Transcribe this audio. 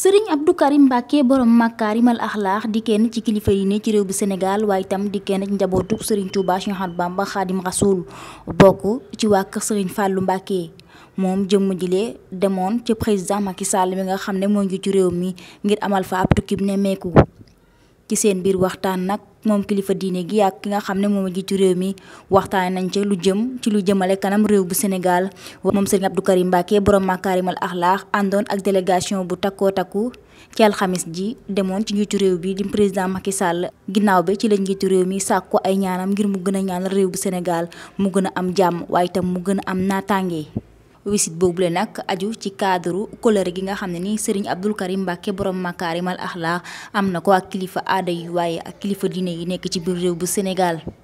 sëriñ Abdou Karim Mbacke borom màkkaarimal axlaax di kenn ci kilifa yi ne ci réew bi Sénégal waaye itam di kenn ci njabootu sëriñ Touba Cheikh Ahmadou Bamba Xaadim Rasul bokk ci waa kër sëriñ Fallou Mbacke moom jëmm jile demoon ci président Macky Sall mi nga xam ne moo ngi ci réew mi ngir amal fa ab tukkib nemmeeku. ci seen biir waxtaan nag moom kilifa diine gi ak ki nga xam ne moom a jiitu réew mi waxtaan nañ ca lu jëm ci lu jëmale kanam réew bu Sénégal moom du Abdou Karim Mbacké borom makaarimal axlaax àndoon ak délégation bu takkoo takku ci alxamis ji demoon ci njiitu réew bi di président Macky sàll ginnaaw bi ci la njiitu réew mi sàkku ay ñaanam ngir mu gën a ñaan réew bu Sénégal mu gën a am jàmm waaye itam mu gën a am naataange. wisit boobule nag aju ci cadre kóllëre gi nga xam ne ni Serigne Abdou Karim Mbacke borom makaarimal axlaax am na ko ak kilifa aada yi waaye ak kilifa diine yi nekk ci biir réew bu Sénégal.